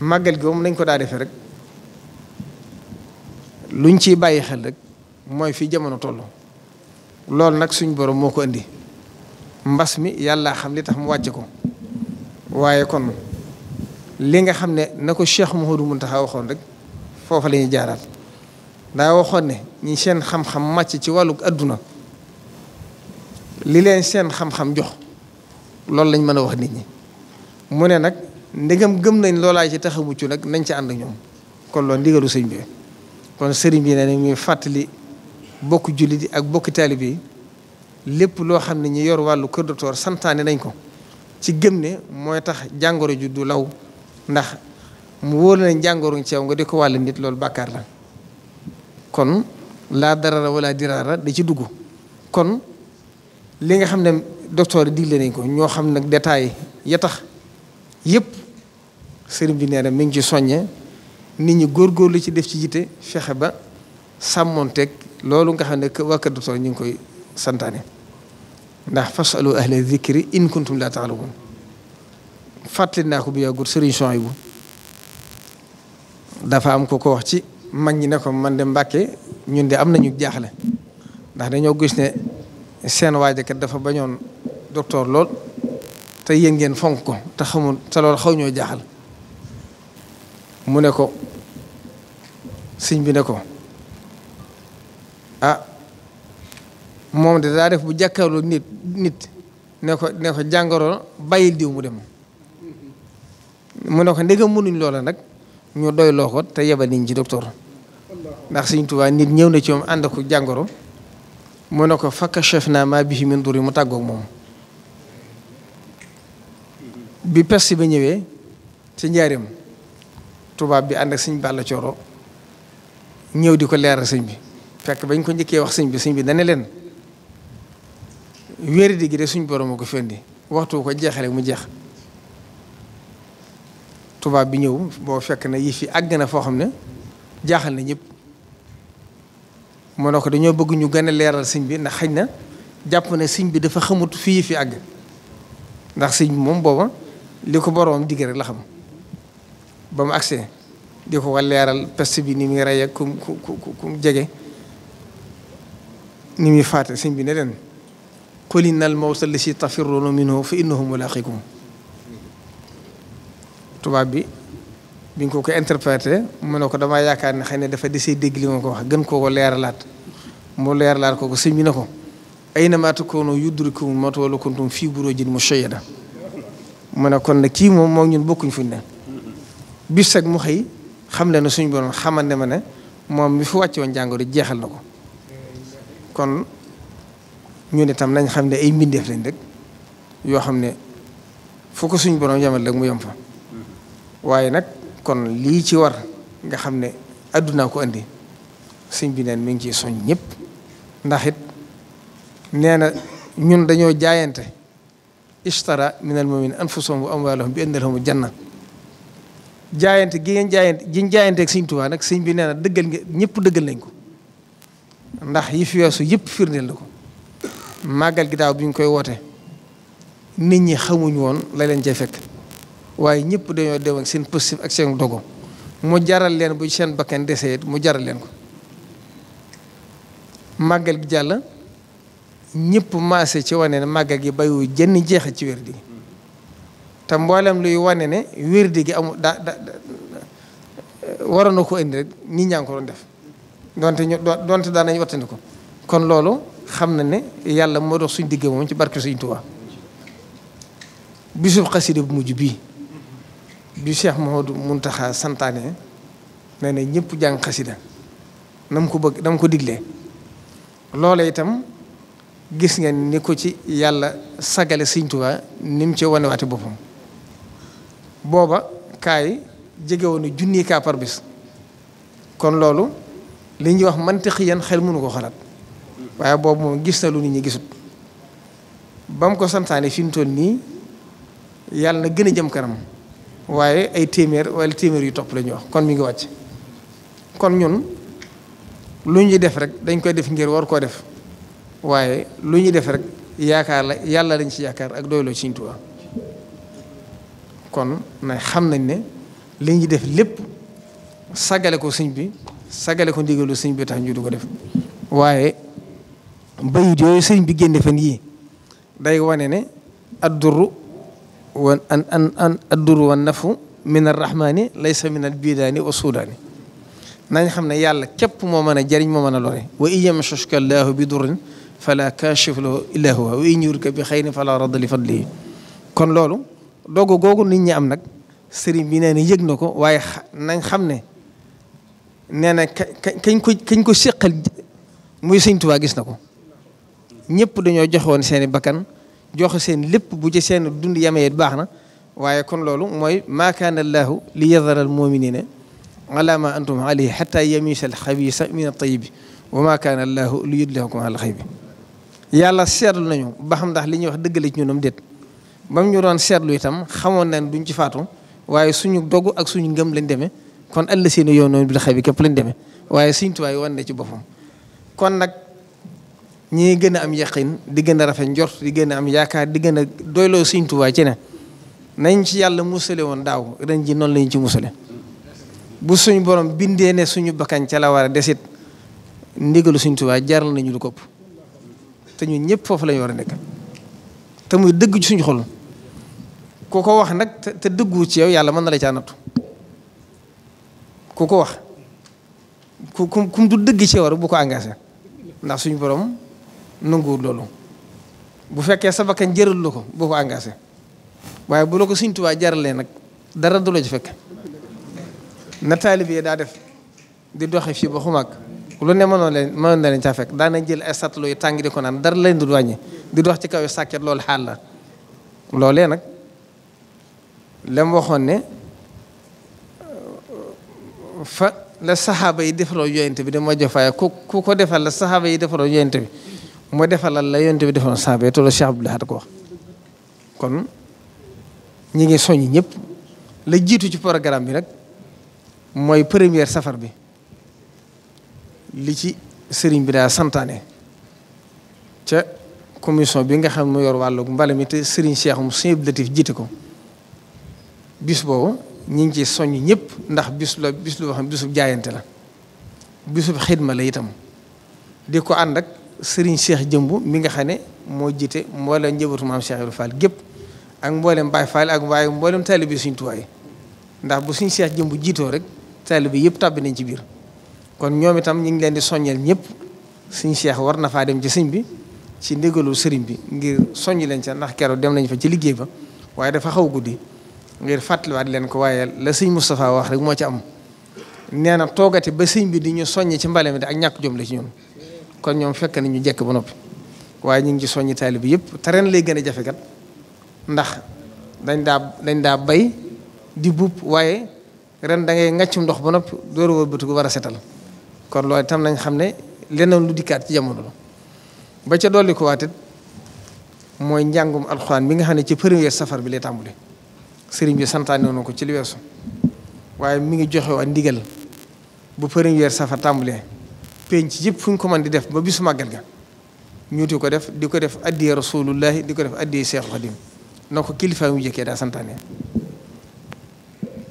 màggal gi moom nañ ko daa defee rek luñ ciy bàyyi xel rek mooy fi jamono toll loolu nag suñ borom moo ko indi mbas mi yàlla xam li tax mu wàcce ko waaye kon li nga xam ne na ko mu Cheikh Mouhamadou Mountakha waxoon rek foofa lañuy ñuy jaaraat daa waxoon ne ñi seen xam-xam màcc ci wàllu àdduna li leen seen xam-xam jox loolu lañ mën a wax nit ñi mu ne nag ndegam gëm nañ loolaay ci tax a mucc nag nañ ci ànd ak ñoom kon loolu ndigalu sëñ bi kon sëriñ bi ne ne ñuy fàttali bokk jullit yi ak bokk taalibe yi lépp loo xam ne ñi yor wàllu kër docteur santaane nañ ko ci gëm ne mooy tax jàngoro ju du law ndax mu wóor nañ jàngoro ci nga di ko wàll nit loolu bàkkaar la kon laa dara darara wala diraara da ci dugg kon li nga xam ne docteur yi digle nañ ko ñoo xam nag détail ya tax yëpp sëriñ bi nee na mi ngi ci soññe nit ñi góorgóorlu ci def ci jiite fexe ba sàmmoonteeg loolu nga xam ne waa Kër Docteur ñu ngi koy santaane ndax fasalu ahla zikri in kuntum laa ta'lamuun fàttali naa ko bu yàggul sëriñ bu dafa am ko ko wax ci mag ñi ne ko man de Mbàkke ñun de am nañu jaaxle ndax dañoo gis ne seen waajakat dafa bañoon docteur lool. te yéen ngeen fonk ko te xamul te loolu xaw ñoo jaaxal mu ne ko sëñ bi ne ko ah moom de daa def bu jàkkaarloo nit nit ne ko ne jàngoro bàyyil diw mu dem mu ne ko ndegam mënuñ loola nag ñu doy loo ko te yebal niñ ci docteur ndax sëñ Tuubaa nit ñëw na ci moom ànd ko jàngoro mu ne ko fakka chef naa maa bihi min duri mu tàggoog moom bi peste bi ñëwee ci njaareem tubaab bi ànd ak sëñ Balla Cooro ñëw di ko leeral sëñ bi fekk bañ ko njëkkee wax sëñ bi sëñ bi dana leen wéeri di gi de suñ borom a ko fendi waxtu ko jeexale mu jeex tubaab bi ñëw boo fekk na yii fi àgg na foo xam ne jaaxal na ñëpp moo ne ko dañoo bëgg ñu gën a leeral sëñ bi ndax xëy na jàpp ne siñ bi dafa xamut fii fi àgg ndax sëñ bi moom booba li ko boroom digg rek la xam ba mu agsee di ko war leeral peste bi ni muy rey ak ku jege ni muy faate sëñ bi ne leen qul inna al mawta allati tafirruuna minhu fa innahu mulaaqikum tubaab bi bi nga ko ko interprété mu ne ko damaa yaakaar ne xay ne dafa desee dégg li ko wax gën koo leeralaat mu leeralaat ko ko sëñ bi ne ko aynama takuunu yudrikumul mawtu wa law kuntum fii buruujin mushayyada mu ne kon nag kii moom moo ñun bokkuñ fuñ ne bis rek mu xëy xam leen ne suñu borom xamal ne ma ne moom mi fi wàcce woon jàngoro jeexal na ko kon ñu ne tam nañ xam ne ay mbindeef lañ rek yoo xam ne fu ko suñu borom yamal rek mu yem fa waaye nag kon lii ci war nga xam ne àddunaa ko indi suñ bi neen mi ngi ciy soñ ñëpp ndaxit it na ñun dañoo jaayante. ishtara min almu'minin anfusahum wa amwaalahum bi anna lahumul janna jaayante gi ngeen jaayante gi ñu jaayanteeg sëñ Tuubaa nag sëñ bi nee na dëggal ngeen ñëpp dëggal nañ ko ndax yi fi weesu yëpp firndeel na ko màggal gi daaw bi ñu koy woote nit ñi xamuñ woon la leen cay fekk waaye ñëpp dañoo dem ak seen positif ak seen dogo mu jaral leen bu seen bakkan desee mu jaral leen ko màggal gi jàll ñëpp maase ci wane ne màggal gi bayu jënn jeexa ci wér gi te mboolem luy wane ne wérdi gi amul da waroon na ko indi rek nit ñaa ngi ko doon def donte ñu donte nañu wattandi ko kon loolu xam na ne yàlla moo dox suñ digge moom ci barke suñ Tuubaa bisub xasida bu mujj bii bi Cheikh Mouhamadou Mountakha santaane ne ne ñëpp jàng xasida na mu ko bëgg na mu ko digle loola itam gis ngeen ni ko ci yàlla sagale Sëriñ Tuubaa ni mu ci wanewaate boppam booba kaay jege woon junni kaa par kon loolu li ñuy wax mantiq yan xel mënu ko xalaat waaye boobu moom gis na lu nit ñi gisut ba ko santaane fi mu nii yàlla na gën a jëm kanam waaye ay téeméer wala téeméer yu topp lañuy wax kon mi ngi wàcc kon ñun lu ñuy def rek dañ koy def ngir war koo def waaye lu ñu def rek yaakaar la yàlla lañ ci yaakaar ak doyloo Sëriñ Tuubaa kon na xam nañ ne li ñu def lépp sagale ko sëñ bi sagale ko ndigalu siñ bi tax ñu du ko def waaye ba bayit yooyu sëñ bi génne fan yii day wane ne adduru wa an an an adduru wa nafu min arrahmani laysa min albidaani wa suudaani nañ xam ne yàlla képp moo mën a jariñ moo mën a lore wa in yamsaska llaahu bi durrin fala kaashifa lahu illaa huwa wa in yuridka bi xayrin fala radda li fadlihi kon loolu dogu googu nit ñi am nag sëriñ bi nee na yëg na ko waaye nañ xam ne nee na kañ ko kañ ko séqal muy sëñ Tuubaa gis na ko ñëpp dañoo joxoon seen i bakkan jox seen lépp bu ci seen dund yamee baax na waaye kon loolu mooy maa kaana allaahu li yadara al muminina ala ma antum alayhi xata yamisa al xabisa min al tayibi wa maa kaana allaahu li yudlihakum ala al xaybi yàlla seetlu nañu ba ndax li ñuy wax dëgg la ci ñunam déet ba mu ñu doon seetlu itam xamoon nañ duñ ci faatu waaye suñu dogu ak suñu ngëm lañ demee kon ëll seen yoon noonu bi la xëy bi képp lañ demee waaye suñ tuwaay wan na ci boppam. kon nag ñi gën a am yaqin di gën a rafet njort di gën a am yaakaar di gën a doyloo suñ tuwaay ci ne nañ ci yàlla musale woon daaw ren ji noonu lañu ci musale bu suñu borom bindee ne suñu bakkan ca la war a desit ndigalu suñ tuwaay nañu lu kopp te ñun ñëpp foofu la ñu war a te muy dëgg suñ suñu xol ku ko wax nag te dëggu ci yow yàlla mën nala la nattu ku ko wax ku ku du dëgg ci yow rek ndax suñu borom nanguwul loolu bu fekkee sa bakkan jëral lu ko boo ko engagé waaye bu la ko nag dara du la ci fekk na taalibe daa def di doxe fii ba xumaag lu ne mënoo leen mënoon na leen caa fekk daana jël ay satlo yu tàng di ko naan dara leen dul wàññi di dox ci kaw yu sàkket loolu xaal la loolee nag lam waxoon ne fa la saxaaba yi defaloo yoyante bi dama jofaaye ku ku ko defal la saxaaba yi defaloo yoyante bi mu defalal la yoyante bi defaloo saxaaba yi tolloo Cheikh Abdou Lahad kon ñi ngi soññ ñëpp la jiitu ci programme bi nag mooy première safar bi li ci sëriñ bi daa santaane ca commission bi nga xam ne mu yor wàllu mbale mi te sëriñ Cheikh mu Sëriñ Latif jiite ko bis boobu ñu ngi ci soññ ñëpp ndax bis la bis loo xam bisub jaayante la bisub xidma la itam di ko ànd ak sëriñ Cheikh jëmb mi nga xam ne moo jiite mboolem njëbatu maam Cheikh Ibra Fall gépp ak mboolem Baye Fall ak waaye mboolem bi Sëriñ Tuubaa ndax bu suñ seex jëmb jiitoo rek bi yëpp tàbbi nañ ci biir kon ñoom itam ñu ngi leen di soññal ñëpp suñ cheikh war na faa dem ci siñ bi ci ndigalu sëriñ bi ngir soññ leen ca ndax keroo dem nañ fa ci liggéey ba waaye dafa xaw guddi ngir fàttaliwaat leen ko waaye la sëñ Moustapha wax rek moo ci am nee na toogati ba sëñ bi di soññ ci mbale mi ak ñàkk jom la ci ñun kon ñoom fekk na ñu jekk ba noppi waaye ñu ngi ci soññi taalibe bi yëpp te ren lay gën a jafe kat ndax dañ daa dañ daa bay di buub waaye ren da ngay ngàccum ndox ba noppi door a wëlbatiku war a setal kon loolu itam nañ xam ne leneen lu dikkaat ci jamono la ba ca dolli ko waatit mooy njàngum alxuwaan bi nga xam ne ci premier safar bi lay tàmbule sëriñ bi santaane woon ko ci li weesu waaye mi ngi joxe waa ndigal bu premier safar tàmbulee penc yëpp fu ñu ko mën di def ba bisu màggal ga ñu di ko def di ko def addiyee rasulullahi di ko def addiyee Seex Xadim na ko kilifa mu jëkkee daa santaane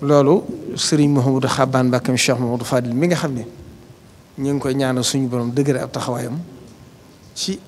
loolu sëriñ Mouhamadou Xabaan Mbàkke Cheikh Mouhamadou mi nga xam ne ñu ngi koy ñaanal suñu borom dëgëre ab taxawaayam ci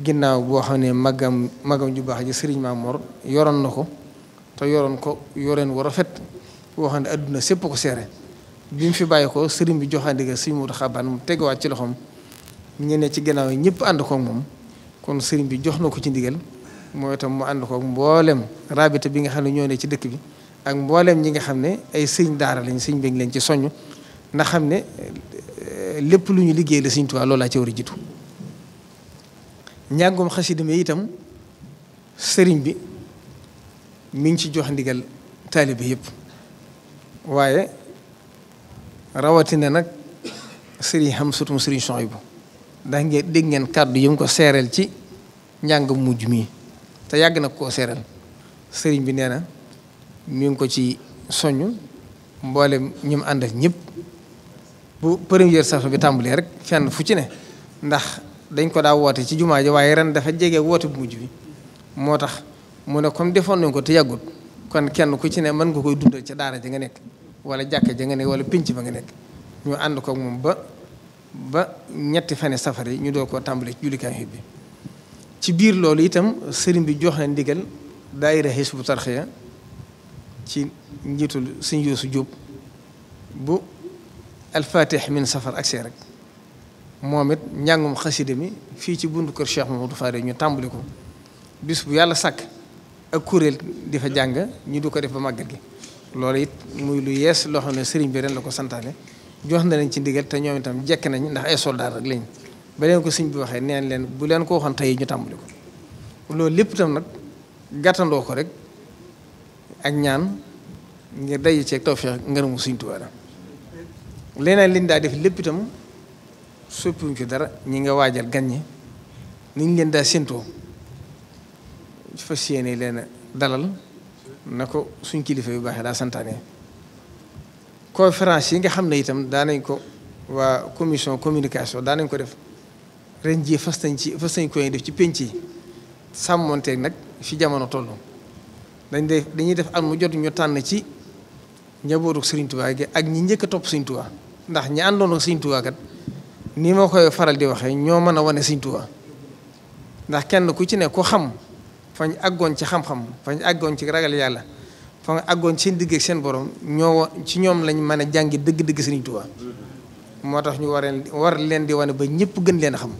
ginnaaw boo xam ne magam magam ju baax ji Serigne Mamor yoroon na ko te yoroon ko yoreen wu rafet boo xam ne adduna sépp ko seere bi mu fi bàyyi ko Serigne bi joxaan ndigal Serigne Modou Xabaan mu teguwaat ci loxoom ñu ne ci ginnaaw yi ñëpp ànd koog moom kon Serigne bi jox na ko ci ndigal mooy itam mu ànd kook mboolem rabita bi nga xam ne ñoo ne ci dëkk bi ak mbooleem ñi nga xam ne ay sëñ daara lañ sëñ bi ngi ci soññ ndax xam ne. lépp lu ñu liggéey la Sëriñ Tuubaa loolu laa ci war a jiitu njàngum xasida itam sëriñ bi mi ngi ci jox ndigal taalibe yëpp waaye rawatina nag sëriñ xam sutum sëriñ Suhaybu ndax ngeen dégg ngeen kàddu yi mu ko seereel ci njàngam mujj mi te yàgg nag koo seereel sëriñ bi nee na mi ngi ko ci soññ mboole ñi mu àndal ñëpp. bu première saison bi tàmbalee rek fenn fu ci ne ndax dañ ko daa woote ci jumaa ji waaye ren dafa jege woote bu mujj bi moo tax mu ne comme defoon nañ ko te yàggut kon kenn ku ci ne mën nga koy dundal ca daara ja nga nekk wala jàkka ja nga nekk wala pinc ba nga nekk ñu ànd ko moom ba ba ñetti fane safar yi ñu doo koo tàmbalee ci jullikaay bi ci biir loolu itam sëriñ bi jox na ndigal daayira Hizbut Tarqiyyah ci njiitul sëñ Youssou Diop bu alfatih min safar ak see rek moom it njàngum xaside mi fii ci buntu kër Cheikh Mamadou Faare ñu tàmbali ko bis bu yàlla sàkk ak kuréel di fa jàng ñu du ko def ba màggal gi loolu it muy lu yees loo xam ne sëriñ bi ren la ko santaane jox na leen ci ndigal te ñoom itam jekk nañ ndax ay soldaar rek lañ ba leen ko sëñ bi waxee neen leen bu leen ko waxoon tey ñu tàmbali ko loolu lépp itam nag gàttandoo ko rek ak ñaan ngir daje ceeg tawfeex ngërëmu sëñ Tuubaa leneen liñ daa def lépp itam soppiwuñ ci dara ñi nga waajal gàññe niñ leen daa séntoo fas yéene leen dalal na ko suñ kilifa yu baaxee daa santaane conférence yi nga xam ne itam nañ ko waa commission communication nañ ko def ren jii fas nañ ci fas nañ koy def ci penc yi sàmmonteeg nag fi jamono toll dañ def dañuy def at mu jot ñu tànn ci njabootu Serigne Touba gi ak ñi njëkk a topp Serigne Touba ndax ñi àndoon ak Serigne Touba kat ni ma koy faral di waxee ñoo mën a wane Serigne Touba ndax kenn ku ci ne ku xam fañ àggoon ci xam-xam fañ àggoon ci ragal yàlla fañ àggoon ci seen digg ak seen borom ñoo ci ñoom lañ mën a jàngi dëgg-dëgg Serigne Touba moo tax ñu war war leen di wane ba ñëpp gën leen a xam.